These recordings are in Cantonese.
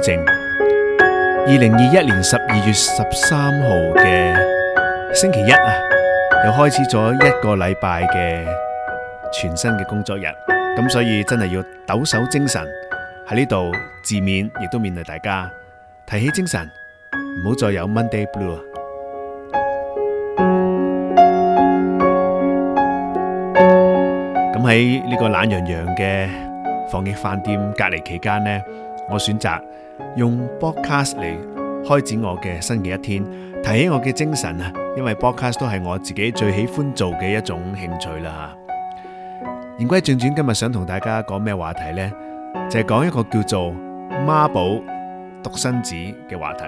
二零二一年十二月十三號嘅星期一啊，又開始咗一個禮拜嘅全新嘅工作日，咁所以真係要抖擻精神喺呢度，自勉亦都面對大家，提起精神，唔好再有 Monday Blue。咁喺呢個懶洋洋嘅防疫飯店隔離期間呢。我選擇用 Podcast 嚟開展我嘅新嘅一天，提起我嘅精神啊，因為 Podcast 都係我自己最喜歡做嘅一種興趣啦吓。言歸正傳，今日想同大家講咩話題呢？就係、是、講一個叫做媽寶獨生子嘅話題。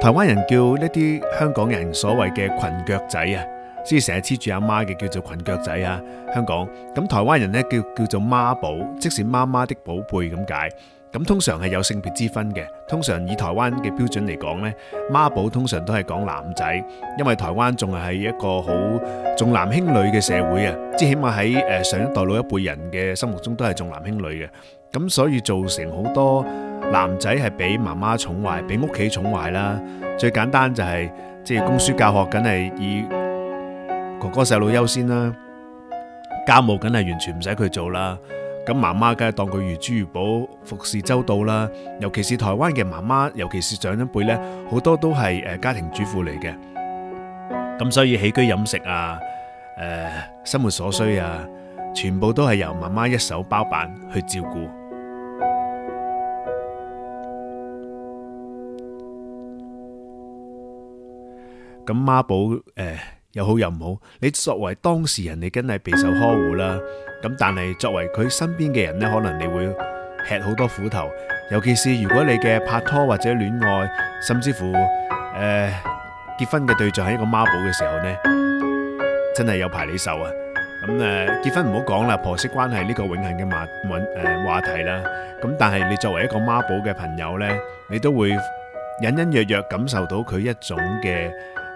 台灣人叫呢啲香港人所謂嘅裙腳仔啊。所以成日黐住阿媽嘅叫做裙腳仔啊！香港，咁台灣人呢叫叫做媽寶，即是媽媽的寶貝咁解。咁通常係有性別之分嘅，通常以台灣嘅標準嚟講呢，媽寶通常都係講男仔，因為台灣仲係一個好重男輕女嘅社會啊！即起碼喺誒上一代老一輩人嘅心目中都係重男輕女嘅，咁所以造成好多男仔係俾媽媽寵壞，俾屋企寵壞啦。最簡單就係即係供書教學，梗係以。哥哥細路優先啦，家務梗係完全唔使佢做啦。咁媽媽梗係當佢如珠如寶，服侍周到啦。尤其是台灣嘅媽媽，尤其是長一輩呢，好多都係誒家庭主婦嚟嘅。咁所以起居飲食啊，誒、呃、生活所需啊，全部都係由媽媽一手包辦去照顧。咁媽寶誒。呃又好又唔好，你作為當事人你梗係備受呵護啦，咁但係作為佢身邊嘅人咧，可能你會吃好多苦頭，尤其是如果你嘅拍拖或者戀愛，甚至乎誒結婚嘅對象係一個媽寶嘅時候咧，真係有排你受啊！咁誒結婚唔好講啦，婆媳關係呢個永恆嘅話誒話題啦，咁但係你作為一個媽寶嘅朋友咧，你都會隱隱約約感受到佢一種嘅。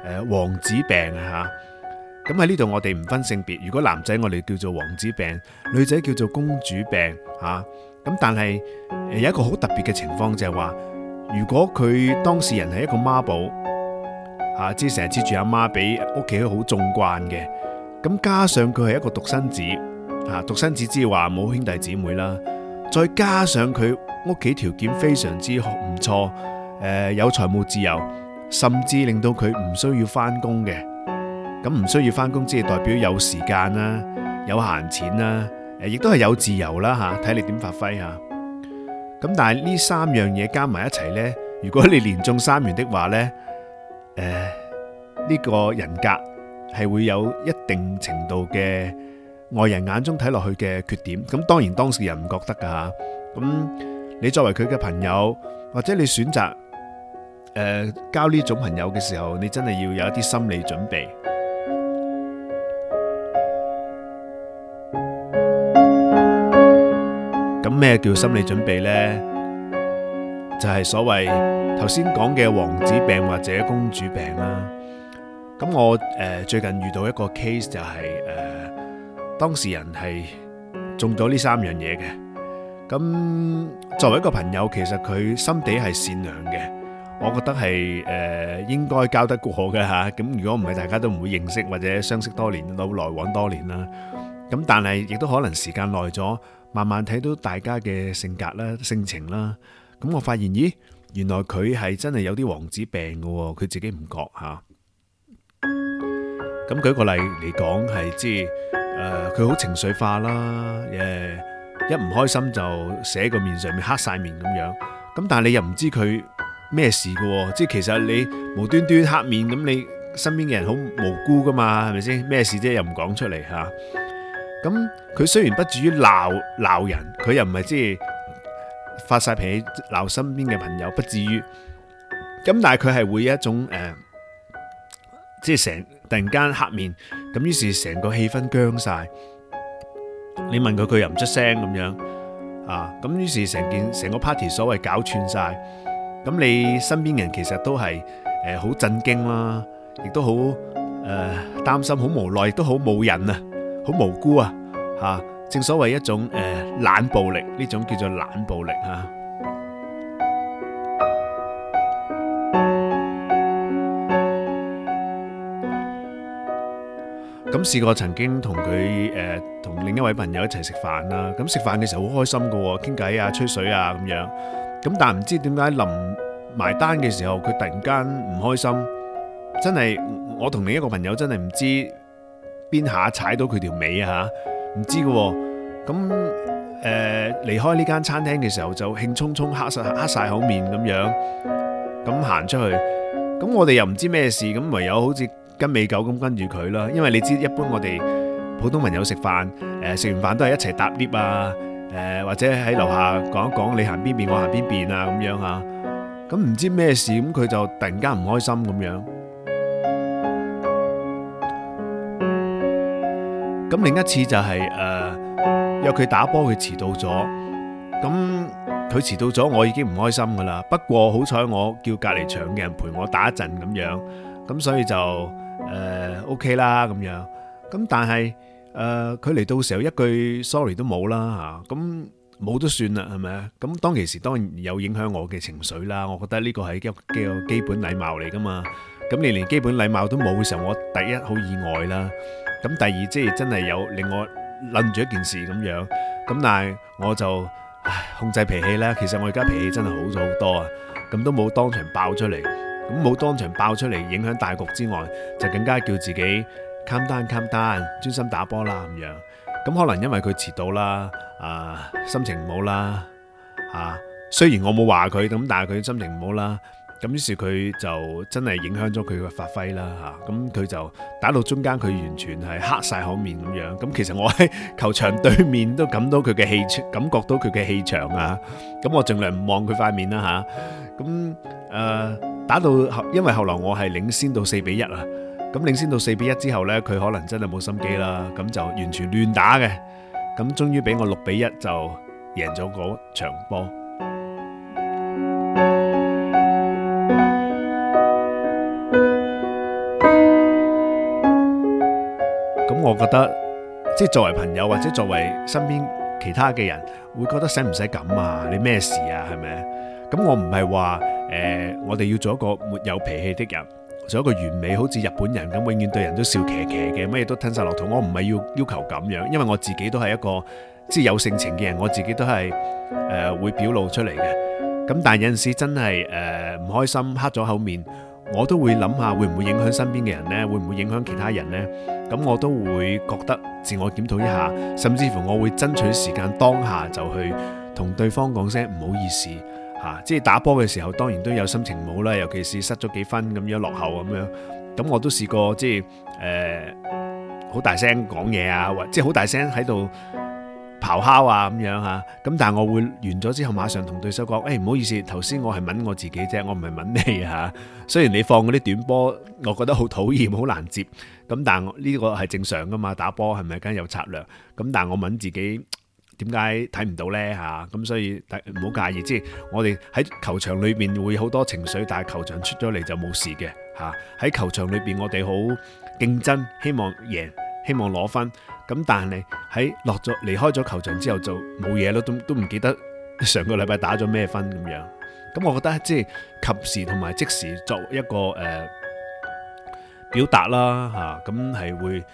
誒，王子病吓，咁喺呢度我哋唔分性別。如果男仔我哋叫做王子病，女仔叫做公主病吓。咁但係有一個好特別嘅情況就係話，如果佢當事人係一個媽寶吓，即係成日黐住阿媽俾屋企好縱慣嘅，咁加上佢係一個獨生子吓，獨生子之話冇兄弟姊妹啦，再加上佢屋企條件非常之唔錯，誒有財務自由。甚至令到佢唔需要翻工嘅，咁唔需要翻工，即係代表有時間啦，有閒錢啦，誒，亦都係有自由啦，吓，睇你點發揮吓。咁但係呢三樣嘢加埋一齊呢，如果你連中三元的話呢，誒、呃、呢、呢個人格係會有一定程度嘅外人眼中睇落去嘅缺點。咁當然當事人唔覺得噶吓。咁你作為佢嘅朋友，或者你選擇。誒，交呢種朋友嘅時候，你真係要有一啲心理準備。咁咩叫心理準備呢？就係所謂頭先講嘅王子病或者公主病啦。咁我誒最近遇到一個 case 就係誒當事人係中咗呢三樣嘢嘅。咁作為一個朋友，其實佢心底係善良嘅。我覺得係誒應該交得過嘅㗎，咁如果唔係大家都唔會認識或者相識多年都來往多年啦，咁但係亦都可能時間耐咗，慢慢睇到大家嘅性格啦、性情啦，咁我發現咦，原來佢係真係有啲王子病嘅喎，佢自己唔覺㗎。咁舉個例嚟講係即係誒佢好情緒化啦，誒一唔開心就寫個面上面黑晒面咁樣，咁但係你又唔知佢。咩事噶？即係其實你無端端黑面咁，你身邊嘅人好無辜噶嘛，係咪先，咩事啫？又唔講出嚟吓咁。佢、嗯、雖然不至於鬧鬧人，佢又唔係即係發晒脾氣鬧身邊嘅朋友，不至於咁、嗯。但係佢係會有一種誒，即係成突然間黑面咁，於是成個氣氛僵晒。你問佢，佢又唔出聲咁樣啊。咁於是成件成個 party 所謂搞串晒。咁你身邊人其實都係誒好震驚啦，亦都好誒擔心、好無奈、都好冇癮啊，好無辜啊嚇！正所謂一種誒冷暴力，呢種叫做冷暴力嚇。咁試過曾經同佢誒同另一位朋友一齊食飯啦，咁食飯嘅時候好開心㗎喎，傾偈啊、吹水啊咁樣。咁但唔知點解臨埋單嘅時候，佢突然間唔開心，真係我同另一個朋友真係唔知邊下踩到佢條尾啊！唔知嘅咁誒，離開呢間餐廳嘅時候就興沖沖黑晒黑曬口面咁樣咁行出去，咁我哋又唔知咩事，咁唯有好似跟尾狗咁跟住佢啦。因為你知一般我哋普通朋友食飯，誒、呃、食完飯都係一齊搭 lift 啊。誒，或者喺樓下講一講，你行邊邊，我行邊邊啊，咁樣啊，咁唔知咩事，咁佢就突然間唔開心咁樣。咁另一次就係誒，約佢打波，佢遲到咗。咁佢遲到咗，我已經唔開心噶啦。不過好彩，我叫隔籬場嘅人陪我打一陣咁樣。咁所以就誒 OK 啦咁樣。咁但係。誒，佢嚟到時候一句 sorry 都冇啦，吓，咁冇都算啦係咪啊？咁當其時當然有影響我嘅情緒啦，我覺得呢個係基基基本禮貌嚟噶嘛。咁你連基本禮貌都冇嘅時候，我第一好意外啦。咁第二即係、就是、真係有令我諗住一件事咁樣。咁但係我就唉控制脾氣啦。其實我而家脾氣真係好咗好多啊。咁都冇當場爆出嚟，咁冇當場爆出嚟影響大局之外，就更加叫自己。Calm down, calm down, 專心打波啦咁樣，咁可能因為佢遲到啦，啊心情唔好啦，啊雖然我冇話佢，咁但係佢心情唔好啦，咁於是佢就真係影響咗佢嘅發揮啦，吓咁佢就打到中間佢完全係黑晒口面咁樣，咁其實我喺球場對面都感到佢嘅氣場，感覺到佢嘅氣場啊，咁我盡量唔望佢塊面啦吓，咁、啊、誒、啊、打到後，因為後來我係領先到四比一啊。咁領先到四比一之後呢，佢可能真係冇心機啦，咁就完全亂打嘅。咁終於俾我六比一就贏咗嗰場波。咁我覺得，即係作為朋友或者作為身邊其他嘅人，會覺得使唔使咁啊？你咩事啊？係咪？咁我唔係話誒，我哋要做一個沒有脾氣的人。做一個完美，好似日本人咁，永遠對人都笑騎騎嘅，乜嘢都吞晒落肚。我唔係要要求咁樣，因為我自己都係一個即係有性情嘅人，我自己都係誒會表露出嚟嘅。咁但係有陣時真係誒唔開心，黑咗口面，我都會諗下會唔會影響身邊嘅人呢，會唔會影響其他人呢？咁我都會覺得自我檢討一下，甚至乎我會爭取時間當下就去同對方講聲唔好意思。嚇，即係打波嘅時候，當然都有心情冇啦，尤其是失咗幾分咁樣落後咁樣，咁我都試過即係誒好大聲講嘢啊，或者即係好大聲喺度咆哮啊咁樣嚇，咁但係我會完咗之後，馬上同對手講，誒、欸、唔好意思，頭先我係問我自己啫，我唔係問你嚇。雖然你放嗰啲短波，我覺得好討厭，好難接，咁但係呢個係正常噶嘛，打波係咪梗係有策略？咁但係我問自己。點解睇唔到呢？嚇，咁所以唔好介意。即係我哋喺球場裏邊會好多情緒，但係球場出咗嚟，就冇事嘅。嚇，喺球場裏邊我哋好競爭，希望贏，希望攞分。咁但係喺落咗離開咗球場之後就冇嘢咯，都都唔記得上個禮拜打咗咩分咁樣。咁我覺得即係及時同埋即時作一個誒、呃、表達啦。嚇，咁係會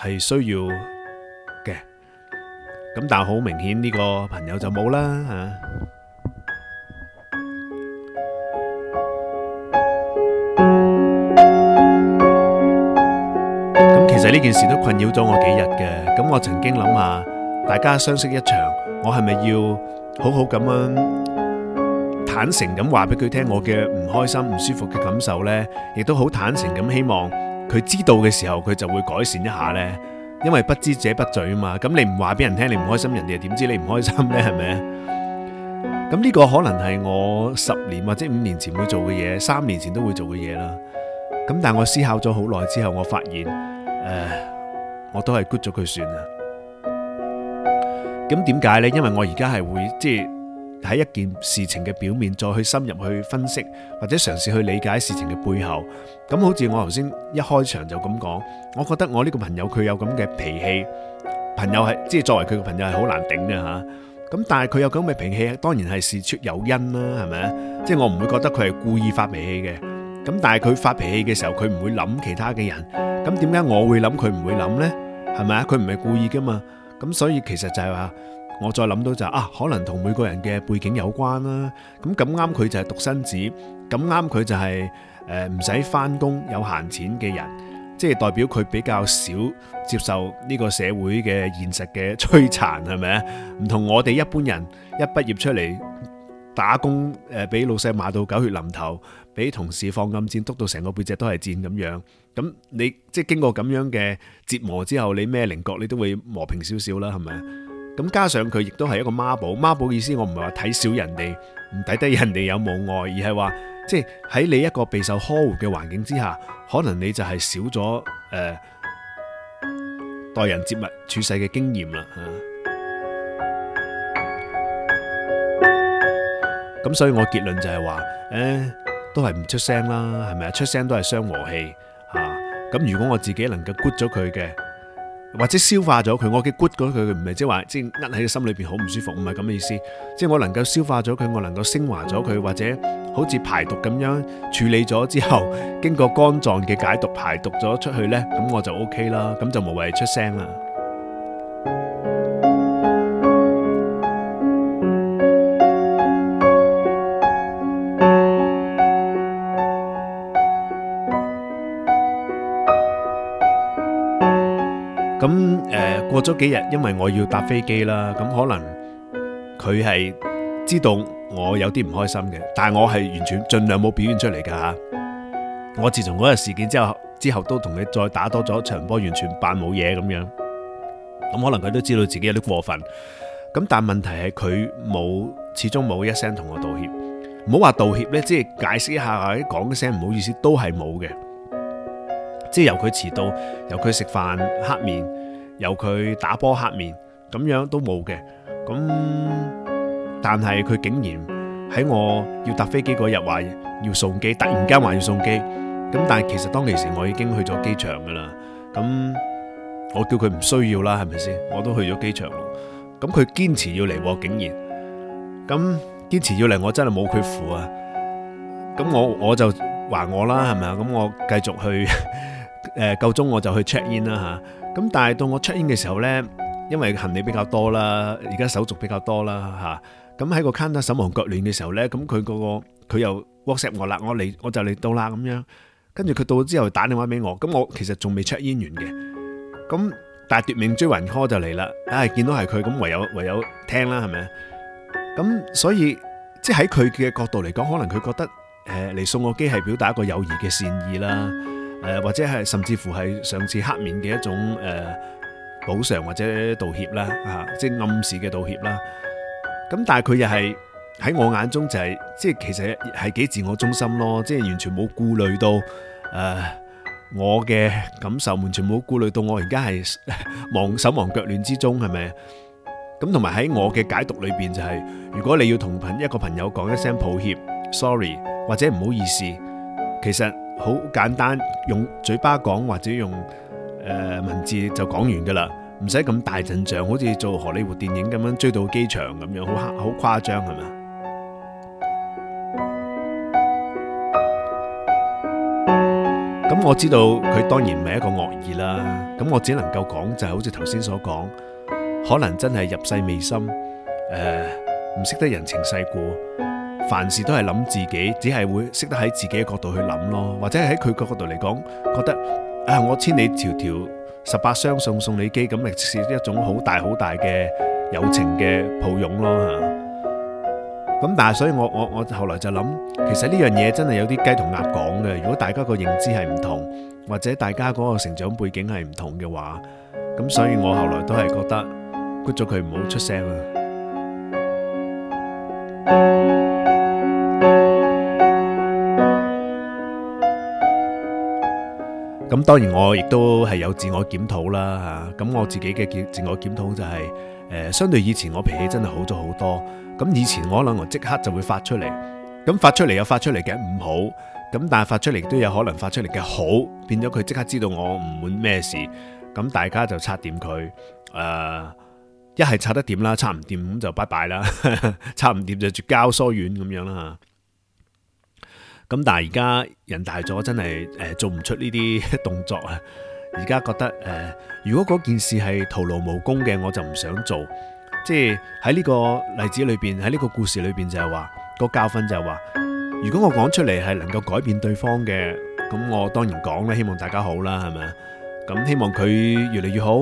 係需要。咁但係好明顯呢個朋友就冇啦吓。咁其實呢件事都困擾咗我幾日嘅。咁我曾經諗下，大家相識一場，我係咪要好好咁樣坦誠咁話俾佢聽我嘅唔開心、唔舒服嘅感受呢？亦都好坦誠咁希望佢知道嘅時候，佢就會改善一下呢？因為不知者不罪啊嘛，咁你唔話俾人聽，你唔開心，人哋又點知你唔開心呢？係咪？咁呢個可能係我十年或者五年前會做嘅嘢，三年前都會做嘅嘢啦。咁但係我思考咗好耐之後，我發現，誒，我都係 good 咗佢算啦。咁點解呢？因為我而家係會即係。喺一件事情嘅表面再去深入去分析，或者嘗試去理解事情嘅背後。咁好似我頭先一開場就咁講，我覺得我呢個朋友佢有咁嘅脾氣，朋友係即係作為佢嘅朋友係好難頂嘅吓。咁但係佢有咁嘅脾氣，當然係事出有因啦，係咪啊？即係我唔會覺得佢係故意發脾氣嘅。咁但係佢發脾氣嘅時候，佢唔會諗其他嘅人。咁點解我會諗佢唔會諗咧？係咪啊？佢唔係故意噶嘛。咁所以其實就係話。我再諗到就啊，可能同每個人嘅背景有關啦、啊。咁咁啱佢就係獨生子，咁啱佢就係誒唔使翻工有閒錢嘅人，即係代表佢比較少接受呢個社會嘅現實嘅摧殘，係咪？唔同我哋一般人一畢業出嚟打工，誒俾老細罵到狗血淋頭，俾同事放暗箭，篤到成個背脊都係箭咁樣。咁你即係經過咁樣嘅折磨之後，你咩稜角你都會磨平少少啦，係咪？咁加上佢亦都係一個媽寶，媽寶意思我唔係話睇少人哋，唔睇低人哋有冇愛，而係話即係喺你一個備受呵護嘅環境之下，可能你就係少咗誒，待人接物處世嘅經驗啦吓。咁所以我結論就係話，誒都係唔出聲啦，係咪啊？出聲都係傷和氣吓。咁如果我自己能夠 good 咗佢嘅。或者消化咗佢，我嘅 good 咗佢，佢唔係即係話即係呃喺心裏邊好唔舒服，唔係咁嘅意思，即係我能夠消化咗佢，我能夠昇華咗佢，或者好似排毒咁樣處理咗之後，經過肝臟嘅解毒排毒咗出去呢，咁我就 OK 啦，咁就無謂出聲啦。咗幾日，因為我要搭飛機啦，咁可能佢係知道我有啲唔開心嘅，但係我係完全盡量冇表現出嚟噶吓。我自從嗰日事件之後，之後都同佢再打多咗場波，完全扮冇嘢咁樣。咁可能佢都知道自己有啲過分，咁但係問題係佢冇，始終冇一聲同我道歉。唔好話道歉咧，即係解釋一下，講聲唔好意思都係冇嘅。即係由佢遲到，由佢食飯黑面。由佢打波黑面咁樣都冇嘅，咁但係佢竟然喺我要搭飛機嗰日話要送機，突然間話要送機，咁但係其實當其時我已經去咗機場噶啦，咁我叫佢唔需要啦，係咪先？我都去咗機場，咁佢堅持要嚟，竟然咁堅持要嚟，我真係冇佢符啊，咁我我就話我啦，係咪啊？咁我繼續去誒，夠鐘我就去 check in 啦吓。咁但係到我 check in 嘅時候呢，因為行李比較多啦，而家手續比較多啦吓，咁喺個 counter 手忙腳亂嘅時候呢，咁佢嗰個佢又 WhatsApp 我啦，我嚟我就嚟到啦咁樣，跟住佢到咗之後打電話俾我，咁我其實仲未 check in 完嘅，咁但係奪命追魂 call 就嚟啦。唉、啊、見到係佢，咁唯有唯有聽啦係咪？咁所以即係喺佢嘅角度嚟講，可能佢覺得誒嚟、呃、送我機係表達一個友誼嘅善意啦。誒，或者係甚至乎係上次黑面嘅一種誒補償或者道歉啦，吓，即係暗示嘅道歉啦。咁但係佢又係喺我眼中就係即係其實係幾自我中心咯，即係完全冇顧慮到誒我嘅感受，完全冇顧慮到我而家係忙手忙腳亂之中係咪？咁同埋喺我嘅解讀裏邊就係，如果你要同朋一個朋友講一聲抱歉，sorry 或者唔好意思，其實。好簡單用嘴巴講或者用誒、呃、文字就講完噶啦，唔使咁大陣仗，好似做荷里活電影咁樣追到機場咁樣，好好誇張係嘛？咁、嗯、我知道佢當然唔係一個惡意啦，咁我只能夠講就係好似頭先所講，可能真係入世未深，誒唔識得人情世故。凡事都係諗自己，只係會識得喺自己嘅角度去諗咯，或者喺佢嘅角度嚟講，覺得啊，我千里迢迢十八相送送你機，咁咪是一種好大好大嘅友情嘅抱擁咯吓。咁、嗯、但係所以我我我後來就諗，其實呢樣嘢真係有啲雞同鴨講嘅。如果大家個認知係唔同，或者大家嗰個成長背景係唔同嘅話，咁、嗯、所以我後來都係覺得 cut 咗佢，唔好出聲啦。.咁當然我亦都係有自我檢討啦嚇，咁我自己嘅檢自我檢討就係、是、誒，相對以前我脾氣真係好咗好多。咁以前我可能即刻就會發出嚟，咁發出嚟又發出嚟嘅唔好，咁但係發出嚟都有可能發出嚟嘅好，變咗佢即刻知道我唔滿咩事，咁大家就拆掂佢，誒，一係拆得掂啦，拆唔掂咁就拜拜啦，拆唔掂就絕交疏遠咁樣啦。咁但係而家人大咗，真係誒做唔出呢啲動作啊！而家覺得誒，如果嗰件事係徒勞無功嘅，我就唔想做。即係喺呢個例子裏邊，喺呢個故事裏邊就係話個教訓就係話，如果我講出嚟係能夠改變對方嘅，咁我當然講啦，希望大家好啦，係咪啊？咁希望佢越嚟越好，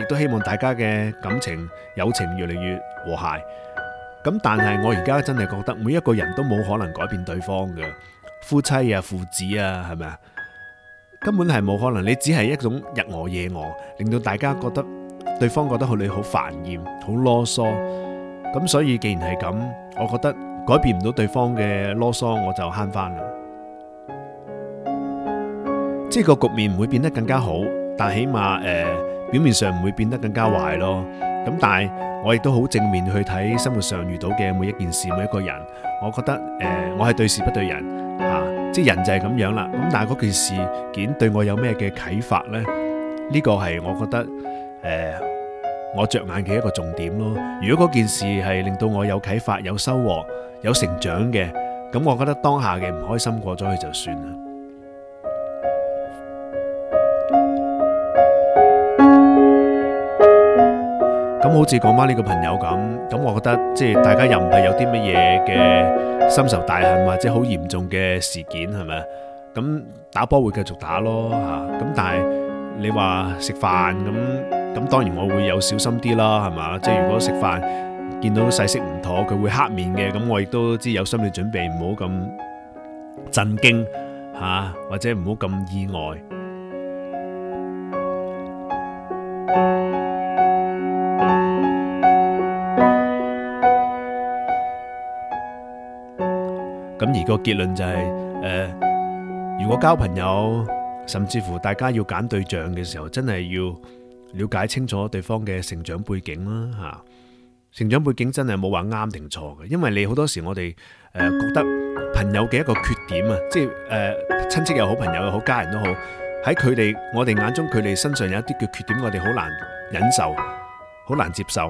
亦都希望大家嘅感情友情越嚟越和諧。咁但係我而家真係覺得每一個人都冇可能改變對方嘅。夫妻啊、父子啊，係咪啊？根本係冇可能。你只係一種日我夜我，令到大家覺得對方覺得好你好煩厭、好囉嗦。咁所以，既然係咁，我覺得改變唔到對方嘅囉嗦，我就慳翻啦。即係個局面唔會變得更加好，但起碼誒、呃，表面上唔會變得更加壞咯。咁但係我亦都好正面去睇生活上遇到嘅每一件事、每一個人。我覺得誒、呃，我係對事不對人。啊！即係人就係咁樣啦，咁但係嗰件事件對我有咩嘅啟發呢？呢、呢個係我覺得誒、呃，我着眼嘅一個重點咯。如果嗰件事係令到我有啟發、有收穫、有成長嘅，咁我覺得當下嘅唔開心過咗去就算啦。咁好似講翻呢個朋友咁。咁我覺得即係大家又唔係有啲乜嘢嘅深仇大恨或者好嚴重嘅事件係咪啊？咁打波會繼續打咯嚇。咁、啊、但係你話食飯咁咁當然我會有小心啲啦係嘛？即係如果食飯見到細食唔妥佢會黑面嘅，咁我亦都知有心理準備，唔好咁震驚嚇、啊，或者唔好咁意外。咁而個結論就係，誒，如果交朋友，甚至乎大家要揀對象嘅時候，真係要了解清楚對方嘅成長背景啦，吓，成長背景真係冇話啱定錯嘅，因為你好多時我哋，誒，覺得朋友嘅一個缺點啊，即係，誒，親戚又好，朋友又好，家人都好，喺佢哋，我哋眼中佢哋身上有一啲嘅缺點，我哋好難忍受，好難接受，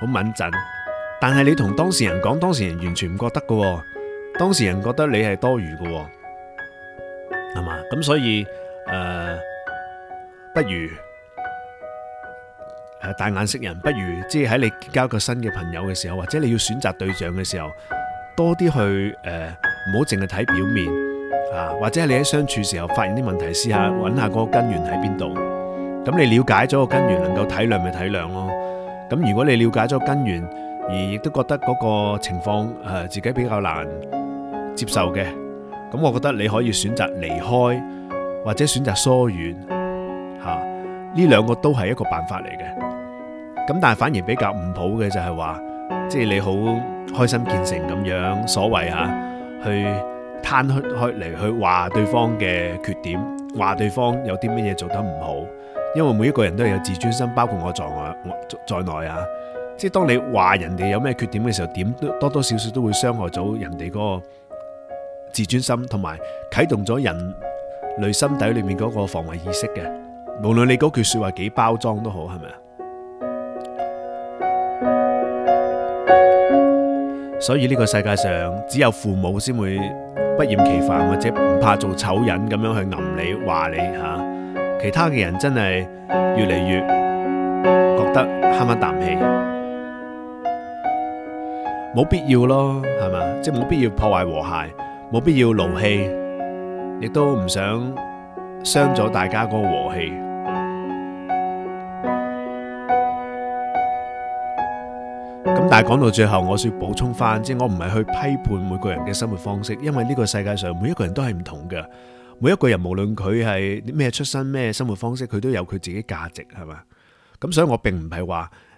好敏感，但係你同當事人講，當事人完全唔覺得噶。當事人覺得你係多餘嘅，係嘛？咁所以誒、呃，不如誒帶眼識人，不如即係喺你交個新嘅朋友嘅時候，或者你要選擇對象嘅時候，多啲去誒，唔好淨係睇表面啊。或者係你喺相處的時候發現啲問題，試下揾下嗰個根源喺邊度。咁你了解咗個根源，能夠體諒咪體諒咯。咁如果你了解咗根源，而亦都覺得嗰個情況誒、呃、自己比較難接受嘅。咁，我覺得你可以選擇離開，或者選擇疏遠，吓呢兩個都係一個辦法嚟嘅。咁但係反而比較唔好嘅就係話，即係你好開心見成咁樣，所謂吓去攤開開嚟去話對方嘅缺點，話對方有啲乜嘢做得唔好，因為每一個人都係有自尊心，包括我在我在內啊。即係當你話人哋有咩缺點嘅時候，點多多少少都會傷害到人哋嗰個。自尊心同埋啟動咗人類心底裏面嗰個防衛意識嘅，無論你嗰句說話幾包裝都好，係咪啊？所以呢個世界上只有父母先會不厭其煩或者唔怕做醜人咁樣去揞你話你吓，其他嘅人真係越嚟越覺得慳一啖氣，冇必要咯，係咪？即係冇必要破壞和諧。冇必要勞氣，亦都唔想傷咗大家嗰個和氣。咁但係講到最後，我說補充翻，即係我唔係去批判每個人嘅生活方式，因為呢個世界上每一個人都係唔同嘅，每一個人無論佢係咩出身、咩生活方式，佢都有佢自己價值，係嘛？咁所以我並唔係話。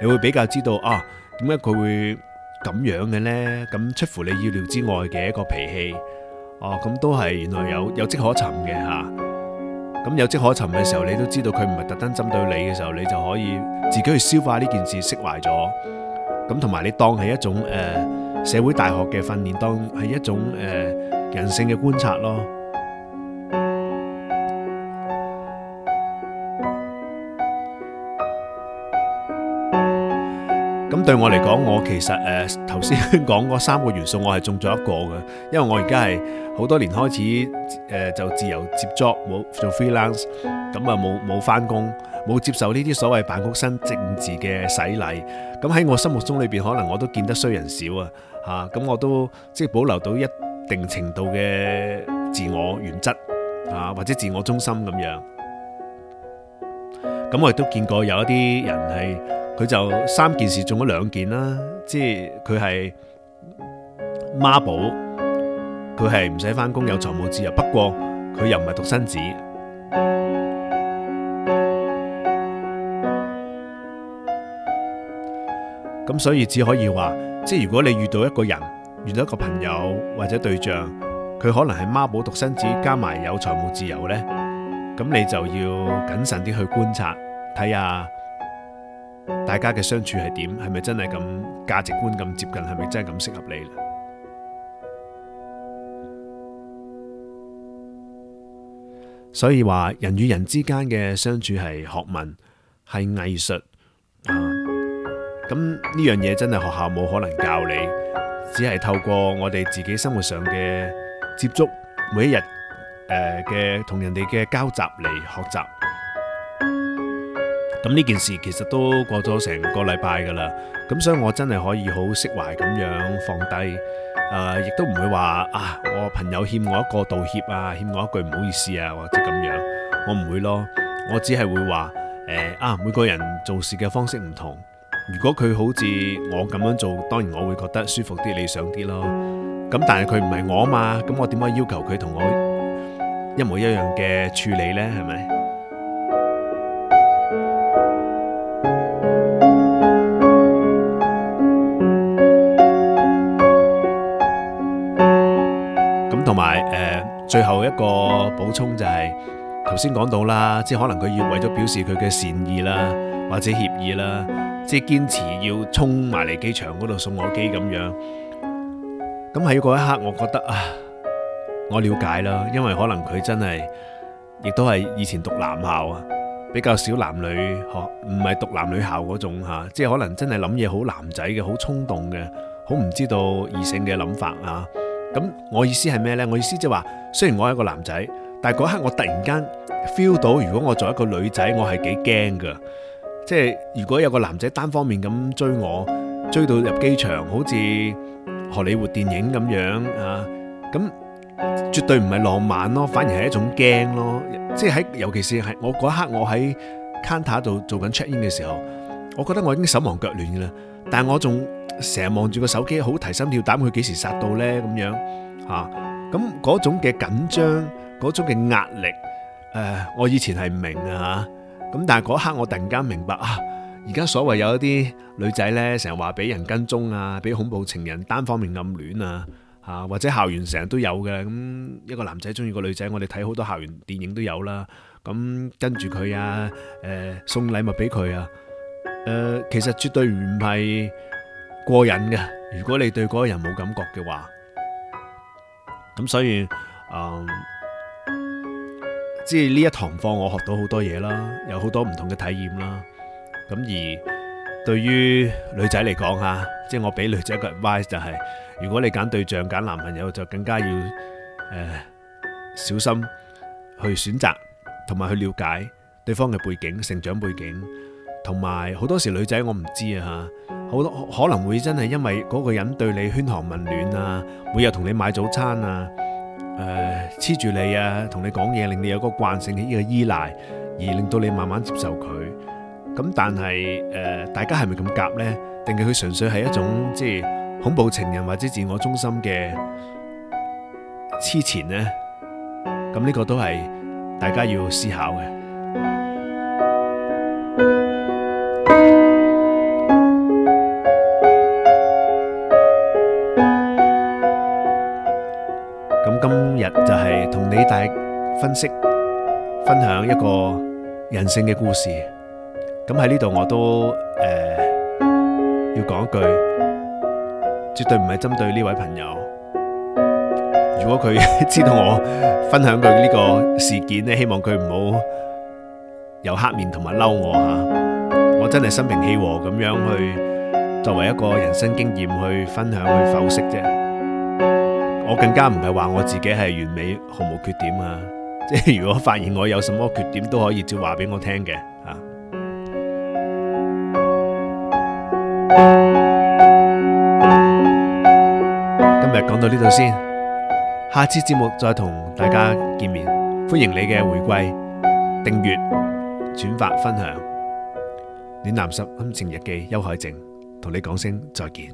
你會比較知道啊，點解佢會咁樣嘅呢？咁出乎你要料之外嘅一個脾氣，啊，咁都係原來有有迹可尋嘅吓。咁有迹可尋嘅時候，你都知道佢唔係特登針對你嘅時候，你就可以自己去消化呢件事，釋懷咗。咁同埋你當係一種誒社會大學嘅訓練，當係一種誒人性嘅觀察咯。對我嚟講，我其實誒頭先講嗰三個元素，我係中咗一個嘅，因為我而家係好多年開始誒、呃、就自由接觸，冇做 freelance，咁啊冇冇返工，冇接受呢啲所謂辦公室政治嘅洗禮。咁喺我心目中裏邊，可能我都見得衰人少啊，嚇咁我都即係保留到一定程度嘅自我原則啊，或者自我中心咁樣。咁我亦都見過有一啲人係。佢就三件事中咗兩件啦，即係佢係媽寶，佢係唔使翻工有財務自由，不過佢又唔係獨生子。咁所以只可以話，即係如果你遇到一個人、遇到一個朋友或者對象，佢可能係媽寶獨生子加埋有財務自由呢，咁你就要謹慎啲去觀察睇下。大家嘅相處係點？係咪真係咁價值觀咁接近？係咪真係咁適合你？所以話人與人之間嘅相處係學問，係藝術。啊，咁呢樣嘢真係學校冇可能教你，只係透過我哋自己生活上嘅接觸，每一日誒嘅同人哋嘅交集嚟學習。咁呢件事其實都過咗成個禮拜噶啦，咁所以我真係可以好釋懷咁樣放低，誒、呃，亦都唔會話啊，我朋友欠我一個道歉啊，欠我一句唔好意思啊，或者咁樣，我唔會咯，我只係會話誒、呃，啊，每個人做事嘅方式唔同，如果佢好似我咁樣做，當然我會覺得舒服啲、理想啲咯。咁但係佢唔係我嘛，咁我點可以要求佢同我一模一樣嘅處理呢？係咪？同埋誒，最後一個補充就係頭先講到啦，即係可能佢要為咗表示佢嘅善意啦，或者歉意啦，即係堅持要衝埋嚟機場嗰度送我機咁樣。咁喺嗰一刻，我覺得啊，我了解啦，因為可能佢真係亦都係以前讀男校啊，比較少男女學，唔係讀男女校嗰種吓，即係可能真係諗嘢好男仔嘅，好衝動嘅，好唔知道異性嘅諗法啊。咁我意思係咩呢？我意思即係話，雖然我係一個男仔，但係嗰刻我突然間 feel 到，如果我做一個女仔，我係幾驚噶。即係如果有個男仔單方面咁追我，追到入機場，好似荷里活電影咁樣啊，咁絕對唔係浪漫咯，反而係一種驚咯。即係喺尤其是係我嗰刻我喺 counter 度做緊 check-in 嘅時候，我覺得我已經手忙腳亂噶啦，但係我仲。成日望住個手機，好提心吊膽，佢幾時殺到呢？咁樣吓，咁嗰種嘅緊張，嗰種嘅壓力，誒，我以前係唔明啊，咁但係嗰刻我突然間明白啊，而家所謂有一啲女仔呢，成日話俾人跟蹤啊，俾恐怖情人單方面暗戀啊，吓或者校園成日都有嘅，咁一個男仔中意個女仔，我哋睇好多校園電影都有啦，咁跟住佢啊，誒送禮物俾佢啊，誒其實絕對唔係。過癮嘅，如果你對嗰個人冇感覺嘅話，咁所以，誒、呃，即係呢一堂課我學到好多嘢啦，有好多唔同嘅體驗啦。咁而對於女仔嚟講吓，即係我俾女仔一個 advice 就係、是，如果你揀對象揀男朋友就更加要誒、呃、小心去選擇同埋去了解對方嘅背景、成長背景。同埋好多時女仔我唔知啊吓，好多可能會真係因為嗰個人對你噓寒問暖啊，每日同你買早餐啊，誒黐住你啊，同你講嘢，令你有個慣性嘅依個依賴，而令到你慢慢接受佢。咁但係誒、呃，大家係咪咁夾呢？定係佢純粹係一種即係恐怖情人或者自我中心嘅黐纏呢？咁呢個都係大家要思考嘅。分析、分享一個人性嘅故事，咁喺呢度我都誒要講一句，絕對唔係針對呢位朋友。如果佢知道我分享佢呢個事件咧，希望佢唔好有黑面同埋嬲我吓。我真係心平氣和咁樣去作為一個人生經驗去分享去剖析啫。我更加唔係話我自己係完美，毫無缺點啊。即係如果發現我有什麼缺點，都可以照話俾我聽嘅吓。今日講到呢度先，下次節目再同大家見面，歡迎你嘅回歸訂閱、轉發、分享《戀男十心情日記》邱海靜同你講聲再見。